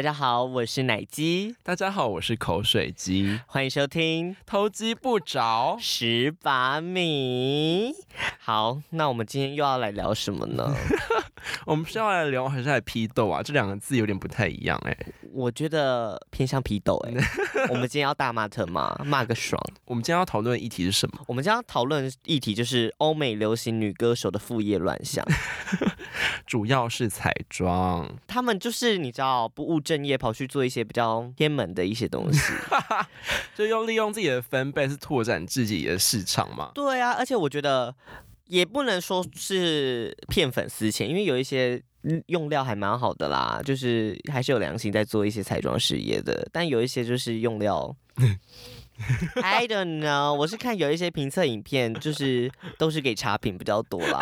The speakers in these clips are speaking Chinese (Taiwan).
大家好，我是奶雞。大家好，我是口水雞。歡迎收聽《偷雞不着蝕把米》。好，那我們今天又要來聊什麼呢？ 我們是要來聊還是來批鬥啊？這兩個字有點不太一樣哎、欸。我覺得偏向批鬥哎。 我們今天要大罵特罵，罵個爽。我們今天要討論的議題是什麼？我們今天要討論議題就是歐美流行女歌手的副業亂象。 主要是彩妝，他們就是，你知道，不務正業，跑去做一些比較偏門的一些東西， 就用利用自己的分貝是拓展自己的市場嘛。對啊，而且我覺得。也不能說是騙粉絲錢，因為有一些用料還蠻好的啦，就是還是有良心在做一些彩妝事業的。但有一些就是用料 ，I don't know。我是看有一些評測影片，就是都是給差評比較多啦，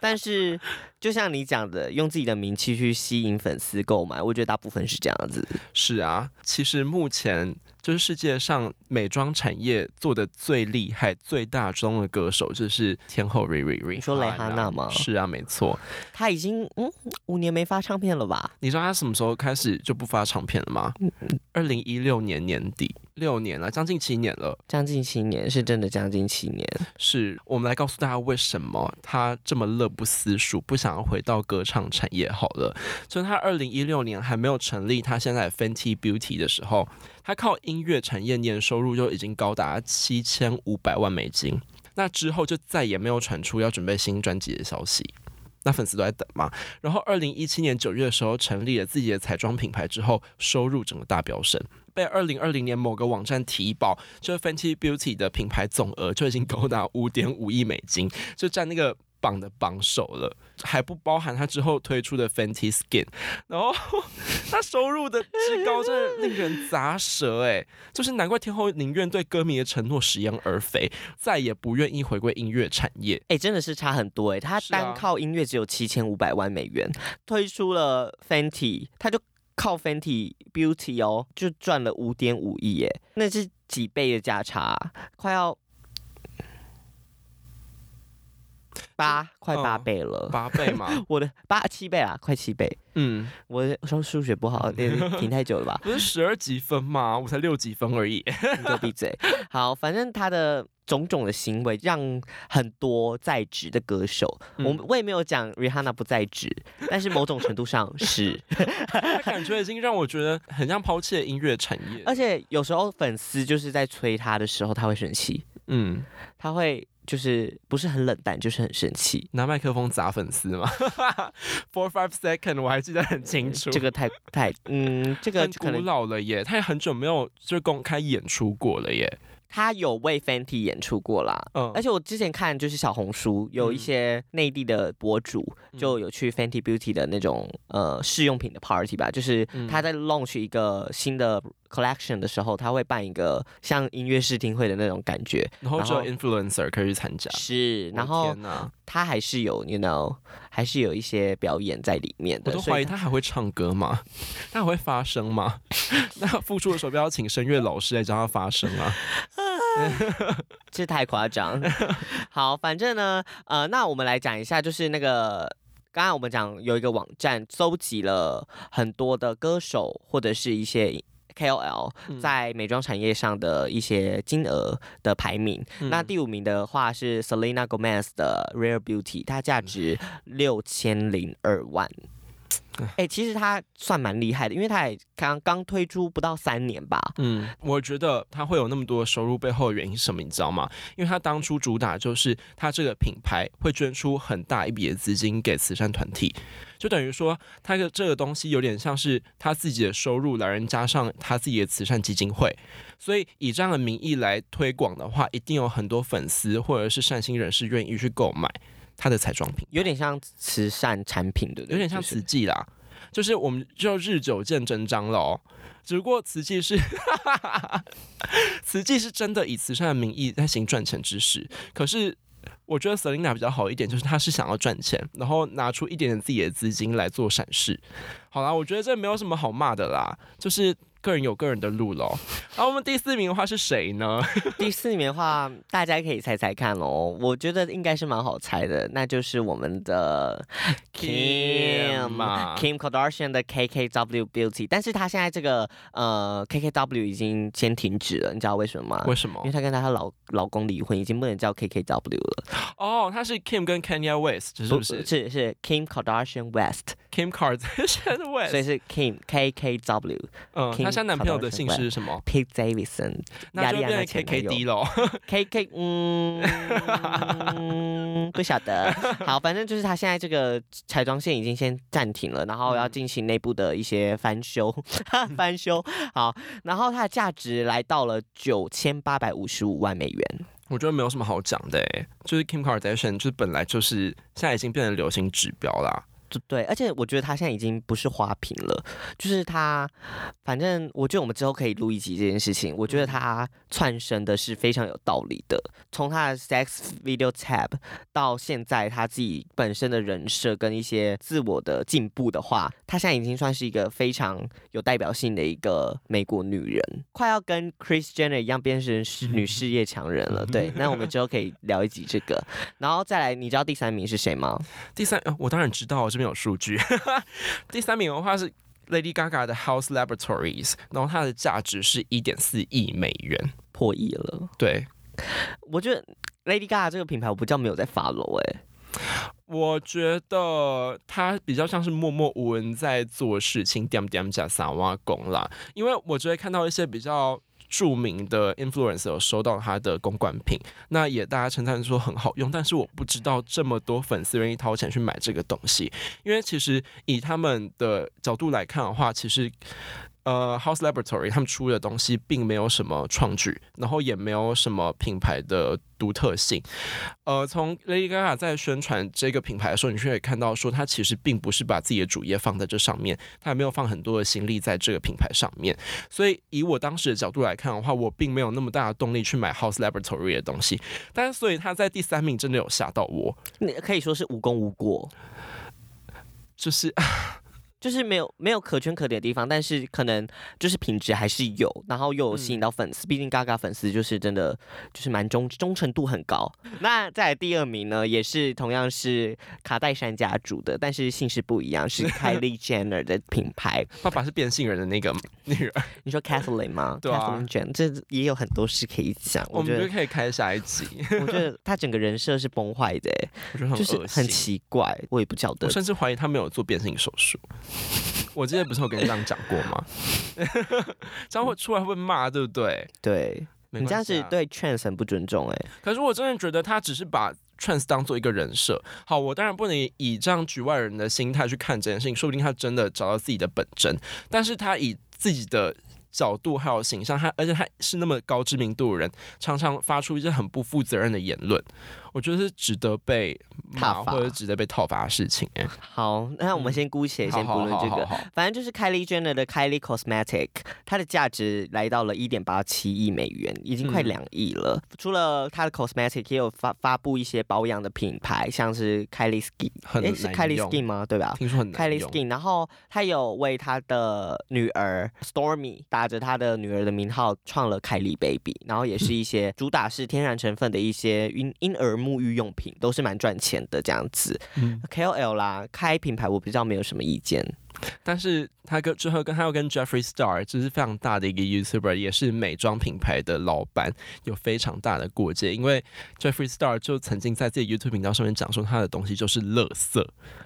但是。就像你講的，用自己的名氣去吸引粉絲購買，我覺得大部分是這樣子。是啊，其實目前就是世界上美妝產業做得最厲害、最大宗的歌手就是天后瑞瑞瑞，瑞哈娜，你說蕾哈娜嗎？是啊，沒錯，她已經嗯五年沒發唱片了吧？你知道她什麼時候開始就不發唱片了嗎？二零一六年年底，六年了，將近七年了，將近七年是真的，將近七年。是，是我們來告訴大家為什麼她這麼樂不思蜀，不想。然後回到歌唱產業好了，所以他二零一六年還沒有成立他現在 Fenty Beauty 的時候，他靠音樂產業年收入就已經高達七千五百萬美金。那之後就再也沒有傳出要準備新專輯的消息，那粉絲都在等嘛。然後二零一七年九月的時候成立了自己的彩妝品牌之後，收入整個大飆升，被二零二零年某個網站提報，這 Fenty Beauty 的品牌總額就已經高達五點五億美金，就在那個。榜的榜首了，還不包含他之後推出的 Fenty Skin，然後他收入的之高真的令人咂舌哎、欸，就是難怪天后寧願對歌迷的承諾食言而肥，再也不願意回歸音樂產業哎、欸，真的是差很多哎、欸，他單靠音樂只有七千五百萬美元，啊、推出了 Fenty，他就靠 Fenty Beauty 哦就賺了五點五億耶，那是幾倍的價差，快要。八快八倍了，嗯、八倍嘛？ 我的八七倍啊，快七倍。嗯，我說數學不好，停停太久了吧？不是十二級分嘛？我才六級分而已。都閉、嗯、嘴。好，反正他的種種的行為讓很多在職的歌手，我、嗯、我也沒有講 Rihanna 不在職，但是某種程度上是，感覺已經讓我覺得很像拋棄了音樂產業。而且有時候粉絲就是在催他的時候，他會生氣。嗯，他會就是不是很冷淡，就是很生氣，拿麥克風砸粉絲嘛。哈哈哈，Four five second，我還記得很清楚。嗯、這個太太，嗯，這個古老了耶，他也很久沒有就是公開演出過了耶。他有為 Fenty 演出過啦，嗯，而且我之前看就是小紅書有一些內地的博主、嗯、就有去 Fenty Beauty 的那種呃試用品的 party 吧，就是他在 launch 一個新的。collection 的時候，他會辦一個像音樂試聽會的那種感覺，然後只有 influencer 可以去後參加。是，哦、然後天吶，他還是有，you know，還是有一些表演在裡面的。我都懷疑他還會唱歌嗎？他，他還會發聲嗎？ 那復出的時候，不要請聲樂老師來教他發聲啊？ 這太誇張。 好，反正呢，呃，那我們來講一下，就是那個剛剛我們講有一個網站蒐集了很多的歌手或者是一些。KOL 在美妝產業上的一些金額的排名，嗯、那第五名的話是 Selena Gomez 的 Rare Beauty，它價值六千零二萬。哎、欸，其實他算蠻厲害的，因為他也剛剛推出不到三年吧。嗯，我覺得他會有那麼多收入背後的原因是什麼，你知道嗎？因為他當初主打就是他這個品牌會捐出很大一筆的資金給慈善團體，就等於說他的這個東西有點像是他自己的收入來源加上他自己的慈善基金會，所以以這樣的名義來推廣的話，一定有很多粉絲或者是善心人士願意去購買。它的彩妝品有點像慈善產品，的有點像慈濟啦，就是我們就日久見真章嘍。只不過慈濟是， 慈濟是真的以慈善的名義在行賺錢之事。可是我覺得 Selina 比較好一點，就是她是想要賺錢，然後拿出一點點自己的資金來做善事。好啦，我覺得這沒有什麼好罵的啦，就是。個人有個人的路嘍、哦。好、啊，我們第四名的話是誰呢？ 第四名的話，大家可以猜猜看哦。我覺得應該是蠻好猜的，那就是我們的 Kim，Kim 嘛 Kim Kardashian 的 KKW Beauty。但是她現在這個呃 KKW 已經先停止了，你知道為什麼嗎？為什麼？因為她跟她老老公離婚，已經不能叫 KKW 了。哦，她是 Kim 跟 Kanye West，是不是？不是，是 Kim Kardashian West。Kim Kardashian，West，所以是 Kim K K W。嗯，Kim 他現在男朋友的姓氏是什麼？Pete Pete Davidson，那就變成 K K D 了。K K，, K 嗯， 不曉得。好，反正就是他現在這個彩妝線已經先暫停了，然後要進行內部的一些翻修， 翻修。好，然後它的價值來到了九千八百五十五萬美元。我覺得沒有什麼好講的、欸，哎，就是 Kim Kardashian 就是本來就是現在已經變成流行指標啦。對，而且我覺得她現在已經不是花瓶了，就是她，反正我覺得我們之後可以錄一集這件事情。我覺得她竄升的是非常有道理的，從她的 sex video tape 到現在她自己本身的人設跟一些自我的進步的話，她現在已經算是一個非常有代表性的一個美國女人，快要跟 Chris Jenner 一樣變成是女事業強人了。 對，那我們之後可以聊一集這個，然後再來，你知道第三名是誰嗎？第三，啊，我當然知道這邊。沒有數據， 第三名的話是 Lady Gaga 的 House Laboratories，然後它的價值是一點四億美元，破億了。對，我覺得 Lady Gaga 這個品牌，我不叫沒有在 follow 誒，我覺得它比較像是默默無聞在做事情，點點加撒瓦工啦，因為我就會看到一些比較。著名的 influencer 有收到他的公關品，那也大家稱讚說很好用，但是我不知道這麼多粉絲願意掏錢去買這個東西，因為其實以他們的角度來看的話，其實。呃、uh,，House Laboratory 他們出的東西並沒有什麼創舉，然後也沒有什麼品牌的獨特性。呃、uh,，從 Lady Gaga 在宣傳這個品牌的時候，你卻可以看到說，他其實並不是把自己的主業放在這上面，他也沒有放很多的心力在這個品牌上面。所以，以我當時的角度來看的話，我並沒有那麼大的動力去買 House Laboratory 的東西。但是，所以他在第三名真的有嚇到我，你可以說是無功無過，就是。 就是沒有沒有可圈可點的地方，但是可能就是品質還是有，然後又有吸引到粉絲。嗯，畢竟 Gaga 嘎嘎粉絲就是真的就是蠻忠忠誠度很高。那在第二名呢，也是同樣是卡戴珊家族的，但是姓氏不一樣，是 Kylie Jenner 的品牌。爸爸是變性人的那個那個， 你說 Kylie 嗎？ 對啊，Kylie Jen，這也有很多事可以講。我覺得，我們就可以開下一集。 我覺得他整個人設是崩壞的，就是很很奇怪，我也不曉得，我甚至懷疑他沒有做變性手術。 我之前不是有跟你這樣講過嗎？ 這樣會出來會罵，對不對？對、啊、你這樣是對 trans 很不尊重哎、欸。可是我真的覺得他只是把 trans 當做一個人設。好，我當然不能以這樣局外人的心態去看這件事情。說不定他真的找到自己的本真，但是他以自己的角度還有形象，他而且他是那麼高知名度的人，常常發出一些很不負責任的言論，我覺得是值得被罵，或者值得被討伐的事情哎、欸。好，那我們先姑且、嗯、先不論這個，好好好好，反正就是 Kylie Jenner 的 Kylie Cosmetic 它的價值來到了一點八七億美元，已經快兩億了。嗯、除了他的 cosmetic，也有發發布一些保養的品牌，像是 Kylie skin，哎，是 Kylie skin 嗎？對吧？聽說很難用。Kylie skin，然後他有為他的女兒 Stormy，打着他的女兒的名號創了 Kylie baby，然後也是一些主打是天然成分的一些嬰嬰兒。沐浴用品都是蠻賺錢的這樣子。嗯。KOL 啦，開品牌，我比較沒有什麼意見。但是他跟之後跟他又跟 Jeffree Star，就是非常大的一個 YouTuber，也是美妝品牌的老板，有非常大的過節。因為 Jeffree Star 就曾經在自己 YouTube 頻道上面講說他的東西就是垃圾，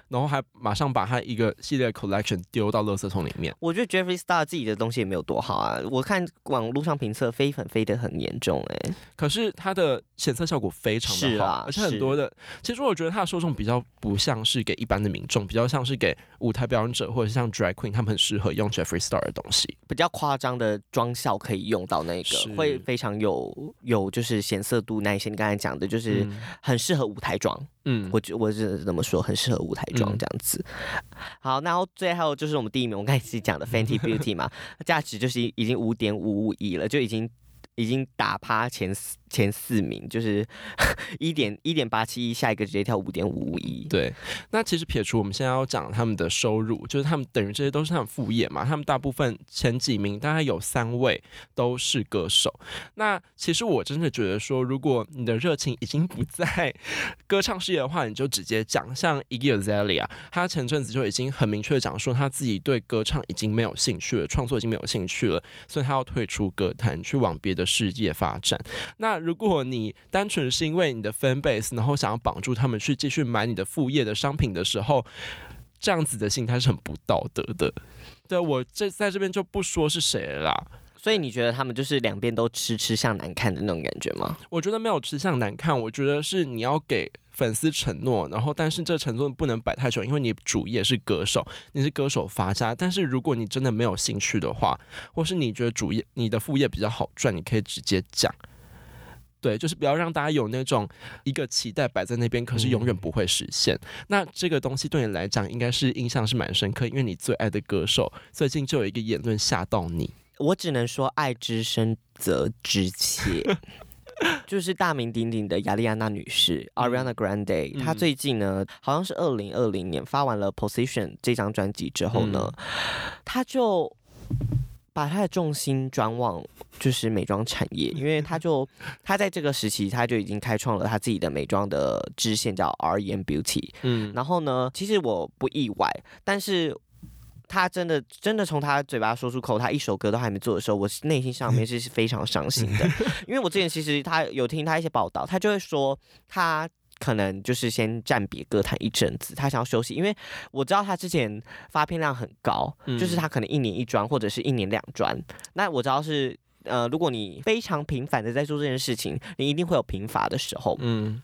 然後還馬上把他一個系列 collection 丟到垃圾桶裡面。我覺得 Jeffree Star 自己的東西也沒有多好啊，我看網路上評測飛粉飛得很嚴重哎、欸。可是他的顯色效果非常的好，啊、而且很多的。是其實我覺得他的受眾比較不像是給一般的民眾，比較像是給舞台表演者或。或者像 Drag Queen，他們很適合用 Jeffrey Star 的東西，比較誇張的妝效可以用到那個，是會非常有有就是顯色度那一些你剛才講的，就是很適合舞台妝。嗯，我覺我是怎麼說，很適合舞台妝這樣子。嗯、好，然後最後就是我們第一名，我們剛才講的 Fenty Beauty 嘛，價 值，就是已經五點五五億了，就已經已經打趴前四。前四名就是一點一點八七一，87，下一個直接跳五點五五一。對，那其實撇除我們現在要講他們的收入，就是他們等於這些都是他們副業嘛。他們大部分前幾名大概有三位都是歌手。那其實我真的覺得說，如果你的熱情已經不在歌唱事業的話，你就直接講。像 Azealia 他前陣子就已經很明確的講說，他自己對歌唱已經沒有興趣了，創作已經沒有興趣了，所以他要退出歌壇，去往別的事業發展。那如果你單純是因為你的 fan base，然後想要綁住他們去繼續買你的副業的商品的時候，這樣子的心態是很不道德的。對，我這在這邊就不說是誰了啦。所以你覺得他們就是兩邊都吃吃相難看的那種感覺嗎？我覺得沒有吃相難看，我覺得是你要給粉絲承諾，然後但是這承諾不能擺太久，因為你主業是歌手，你是歌手發家。但是如果你真的沒有興趣的話，或是你覺得主業你的副業比較好賺，你可以直接講。對，就是不要讓大家有那種一個期待擺在那邊，可是永遠不會實現。嗯、那這個東西對你來講，應該是印象是蠻深刻，因為你最愛的歌手最近就有一個言論嚇到你。我只能說，愛之深則之切， 就是大名鼎鼎的雅麗安娜女士 a r i n a Grande）、嗯。她最近呢，好像是二零二零年發完了《Position》這張專輯之後呢，嗯、她就。把他的重心轉往就是美妝產業，因為他就他在這個時期他就已經開創了他自己的美妝的支線叫 R E M Beauty，嗯，然後呢，其實我不意外，但是他真的真的從他嘴巴說出口，他一首歌都還沒做的時候，我內心上面是非常傷心的，嗯、 因為我之前其實他有聽他一些報道，他就會說他。可能就是先暫別歌壇一陣子，他想要休息，因為我知道他之前發片量很高，嗯、就是他可能一年一專或者是一年兩專。那我知道是，呃，如果你非常頻繁的在做這件事情，你一定會有貧乏的時候。嗯，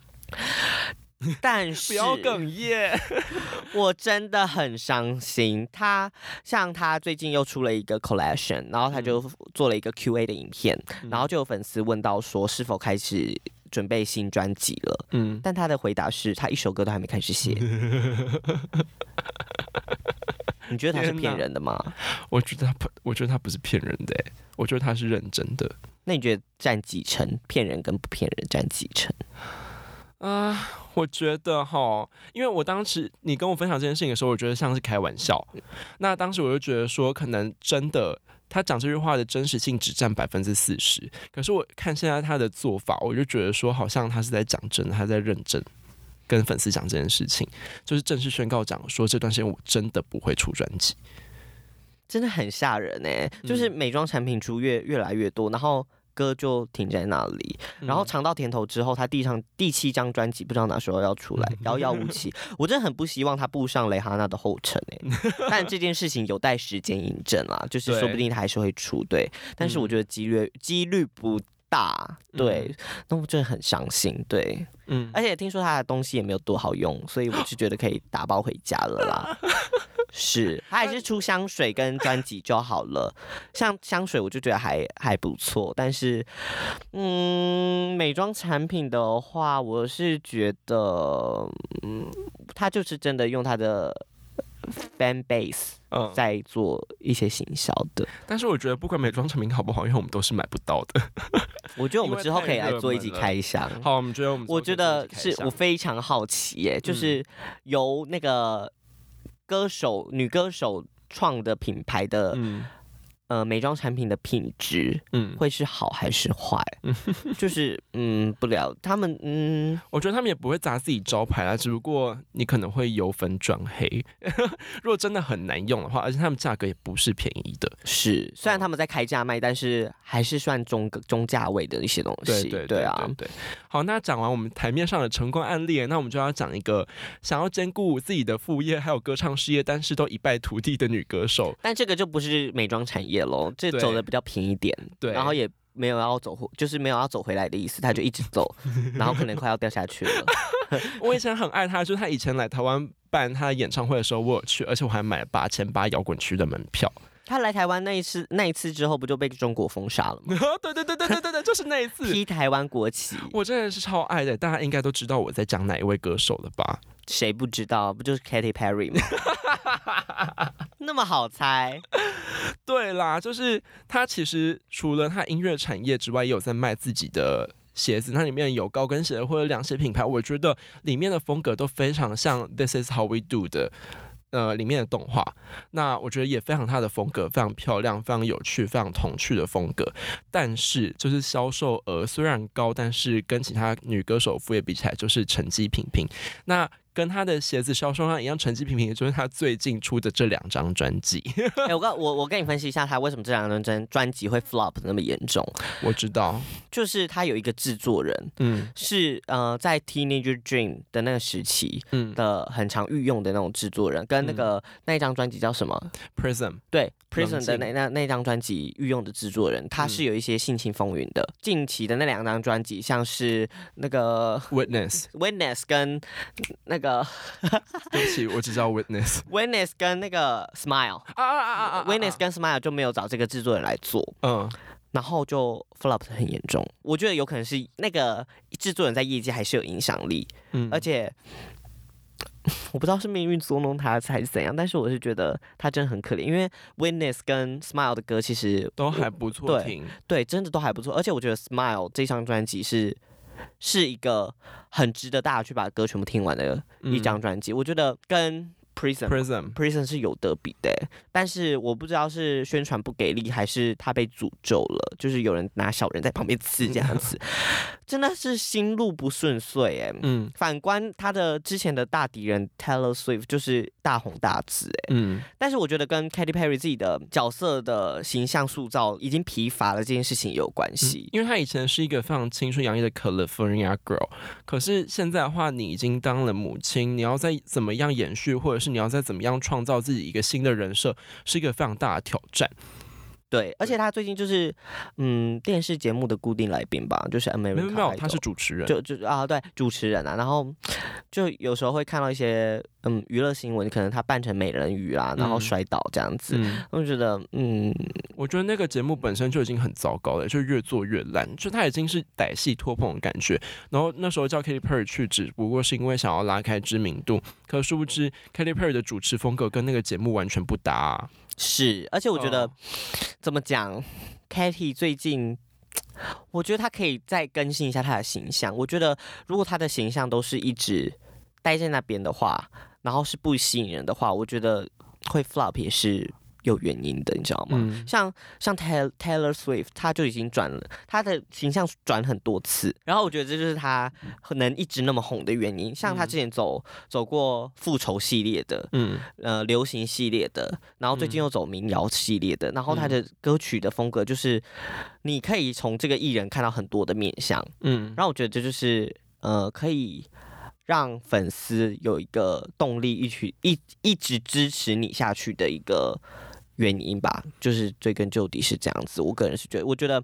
但是 不要哽咽， 我真的很傷心。他像他最近又出了一個 collection，然後他就做了一個 Q A 的影片，嗯、然後就有粉絲問到說是否開始。準備新專輯了，嗯，但他的回答是他一首歌都還沒開始寫。 你覺得他是騙人的嗎？我覺得他不，我覺得他不是騙人的、欸，我覺得他是認真的。那你覺得佔幾成，騙人跟不騙人佔幾成？啊，uh, 我覺得哈，因為我當時你跟我分享這件事情的時候，我覺得像是開玩笑。那當時我就覺得說，可能真的他講這句話的真實性只占百分之四十。可是我看現在他的做法，我就覺得說，好像他是在講真的，他在認真跟粉絲講這件事情，就是正式宣告講說，這段時間我真的不會出專輯，真的很嚇人誒、欸，嗯、就是美妝產品出越越來越多，然後。歌就停在那裡，然後嘗到甜頭之後，他第七張第七張專輯不知道哪時候要出來，遙遙無期。我真的很不希望他步上蕾哈娜的後塵哎、欸，但這件事情有待時間印證啦，就是說不定他還是會出對，對，但是我覺得幾率幾率不大，對，那、嗯、我真的很傷心對，嗯，而且聽說他的東西也沒有多好用，所以我是覺得可以打包回家了啦。 是，他還是出香水跟專輯就好了。像香水，我就覺得還還不錯。但是，嗯，美妝產品的話，我是覺得，嗯，他就是真的用他的 fan base，嗯，在做一些行銷的，嗯。但是我覺得不管美妝產品好不好，因為我們都是買不到的。 我覺得我們之後可以來做一集開箱。好，我覺得我們我覺得是，嗯，我非常好奇，欸，就是由那個。歌手、女歌手創的品牌的。嗯。呃，美妝產品的品質，嗯，會是好還是壞？嗯，就是，嗯，不了，他們，嗯，我覺得他們也不會砸自己招牌啦，只不過你可能會由粉轉黑。如 果真的很難用的話，而且他們價格也不是便宜的，是，雖然他們在開價賣，但是還是算中中價位的一些東西。對對對，對，對，對，對啊，對。好，那講完我們檯面上的成功案例，那我們就要講一個想要兼顧自己的副業還有歌唱事業，但是都一敗塗地的女歌手。但這個就不是美妝產業。野龍走的比較平一點，對，然後也沒有要走，就是沒有要走回來的意思，對他就一直走，然後可能快要掉下去了。 我以前很愛他，就是他以前來台灣辦他的演唱會的時候，我有去，而且我還買了八千八搖滾區的門票。他來台灣那一次，那一次之後不就被中國封殺了嗎？對對 對對對對對，就是那一次踢 台灣國旗。我真的是超愛的，大家應該都知道我在講哪一位歌手了吧？誰不知道？不就是 Katy Perry 嗎？ 那麼好猜。 對啦，就是他。其實除了他音樂產業之外，也有在賣自己的鞋子，那裡面有高跟鞋或者涼鞋品牌，我覺得裡面的風格都非常像 This Is How We Do 的。呃，裡面的動畫，那我覺得也非常她的風格，非常漂亮，非常有趣，非常童趣的風格。但是就是銷售額雖然高，但是跟其他女歌手副業比起來，就是成績平平。那。跟他的鞋子銷售上一樣，成績平平，也就是他最近出的這兩張專輯。哎，我告我我跟你分析一下，他為什麼這兩張專專輯會 flop 那麼嚴重？我知道，就是他有一個制作人，嗯，是呃在 Teenage Dream 的那個時期，嗯的很常御用的那種制作人，嗯、跟那個那張專輯叫什麼？Prism。Pr ism 對靜，Prism 的那那那張專輯御用的制作人，他是有一些性情風雲的。嗯、近期的那兩張專輯，像是那個 Witness，Witness Witness 跟那個。的， 對不起，我只知道 witness，witness 跟那個 smile，啊啊啊啊，witness 跟 smile 就沒有找這個制作人來做，嗯，然後就 flop 很嚴重，我覺得有可能是那個制作人在業界還是有影響力，嗯，而且我不知道是命運捉弄他還是怎樣，但是我是覺得他真的很可憐，因為 witness 跟 smile 的歌其實都還不錯聽，對，對，真的都還不錯，而且我覺得 smile 這張專輯是。是一個很值得大家去把歌全部聽完的一張專輯，嗯、我覺得跟。Prison，Prison，Prison Prism，Prison 是有得比的、欸，但是我不知道是宣傳不給力，還是他被詛咒了，就是有人拿小人在旁邊刺這樣子， 真的是心路不順遂哎、欸。嗯，反觀他的之前的大敵人 Taylor Swift 就是大紅大紫哎、欸。嗯，但是我覺得跟 Katy Perry 自己的角色的形象塑造已經疲乏了這件事情有關係，因為他以前是一個非常青春洋溢的 California girl，可是現在的話，你已經當了母親，你要再怎麼樣延續或者。你要再怎麼樣創造自己一個新的人設，是一個非常大的挑戰。對，而且他最近就是，嗯，電視節目的固定來賓吧，就是《American》。沒有，沒有，他是主持人。就就啊，對，主持人啊，然後就有時候會看到一些，嗯，娛樂新聞，可能他扮成美人魚啊，然後摔倒這樣子，我、嗯、覺得，嗯，我覺得那個節目本身就已經很糟糕了，就越做越爛，就他已經是歹戲拖棚的感覺。然後那時候叫 Kelly Perry 去，只不過是因為想要拉開知名度，可殊不知 Kelly Perry 的主持風格跟那個節目完全不搭啊。是，而且我覺得，oh. 怎麼講，Katy 最近，我覺得她可以再更新一下她的形象。我覺得，如果她的形象都是一直待在那邊的話，然後是不吸引人的話，我覺得會 flop 也是有原因的，你知道嗎？嗯、像像 Taylor Swift，他就已經轉了，他的形象轉很多次。然後我覺得這就是他能一直那麼紅的原因。像他之前走、嗯、走過復仇系列的，嗯，呃，流行系列的，然後最近又走民謠系列的。嗯、然後他的歌曲的風格就是，你可以從這個藝人看到很多的面向。嗯。然後我覺得這就是呃，可以讓粉絲有一個動力一，一曲一一直支持你下去的一個。原因吧，就是追根究底是這樣子。我個人是覺得，我覺得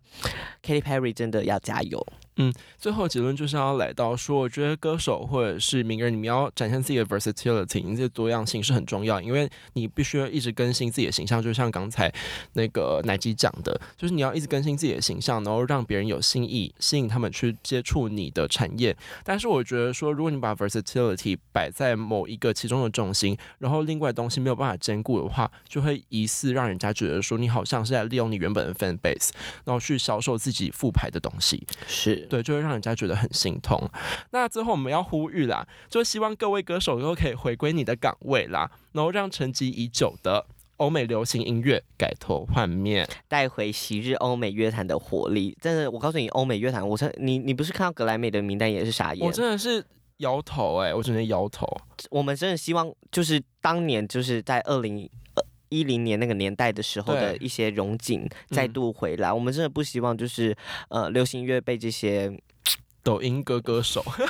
Katy Perry 真的要加油。嗯，最後結論就是要來到說，我覺得歌手或者是名人，你們要展現自己的 versatility，你這個多樣性是很重要，因為你必須要一直更新自己的形象。就像剛才那個奶吉講的，就是你要一直更新自己的形象，然後讓別人有新意，吸引他們去接觸你的產業。但是我覺得說，如果你把 versatility 擺在某一個其中的重心，然後另外東西沒有辦法兼顧的話，就會疑似讓人家覺得說，你好像是在利用你原本的 fan base，然後去銷售自己副牌的東西，是。對，就會讓人家覺得很心痛。那最後我們要呼籲啦，就希望各位歌手都可以回歸你的崗位啦，然後讓沉寂已久的歐美流行音樂改頭換面，帶回昔日歐美樂壇的活力。但是我告訴你，歐美樂壇，我你你不是看到格萊美的名單也是傻眼，我真的是搖頭哎、欸，我只能搖頭。我們真的希望，就是當年就是在二零一零年那個年代的時候的一些榮景對再度回來。嗯、我們真的不希望就是呃流行音樂被這些抖音歌歌手。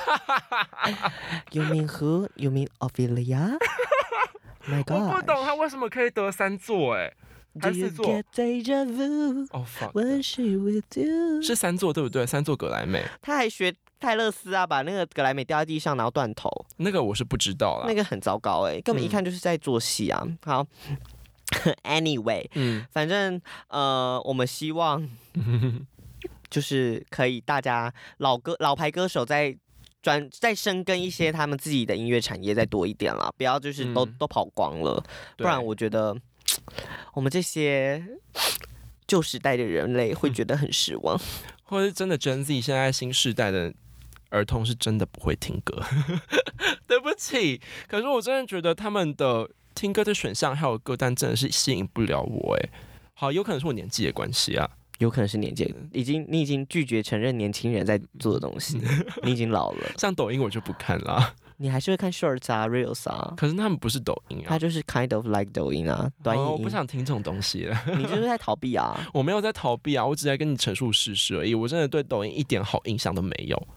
You mean who? You mean Olivia? My gosh, 我不懂他為什麼可以得三座哎，還是四座？哦，是三座對不對？三座格萊美。他還學泰勒斯啊，把那個格萊美掉在地上，然後斷頭。那個我是不知道啦，那個很糟糕哎，根本一看就是在做戲啊。嗯、好。Anyway，嗯，反正呃，我們希望就是可以大家老歌、老牌歌手再專再深耕一些他們自己的音樂產業，再多一點了，不要就是都、嗯、都跑光了，對不然我覺得我們這些舊時代的人類會覺得很失望。或者是真的 Gen Z 現在新時代的兒童是真的不會聽歌。 對不起，可是我真的覺得他們的。聽歌的選項還有歌單真的是吸引不了我誒，好有可能是我年紀的關係啊，有可能是年紀的，已經你已經拒絕承認年輕人在做的東西， 你已經老了。像抖音我就不看了，啊，你還是會看 Shorts 啊，Reels 啊。啊 可是他們不是抖音啊，他就是 kind of like 抖音啊，短，啊、我不想聽這種東西了， 你就是在逃避啊，我沒有在逃避啊，我只在跟你陳述事實而已，我真的對抖音一點好印象都沒有。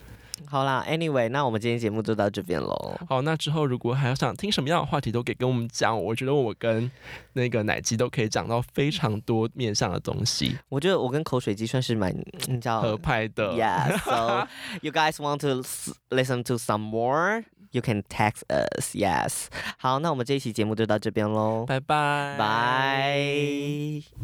好啦，Anyway，那我們今天節目就到這邊嘍。好，那之後如果還有想聽什麼樣的話題，都可以跟我們講。我覺得我跟那個奶雞都可以講到非常多面向的東西。我覺得我跟口水雞算是蠻叫合拍的。Yes，So yeah, you guys want to listen to some more? You can text us. Yes。好，那我們這一期節目就到這邊嘍。拜拜 Bye。拜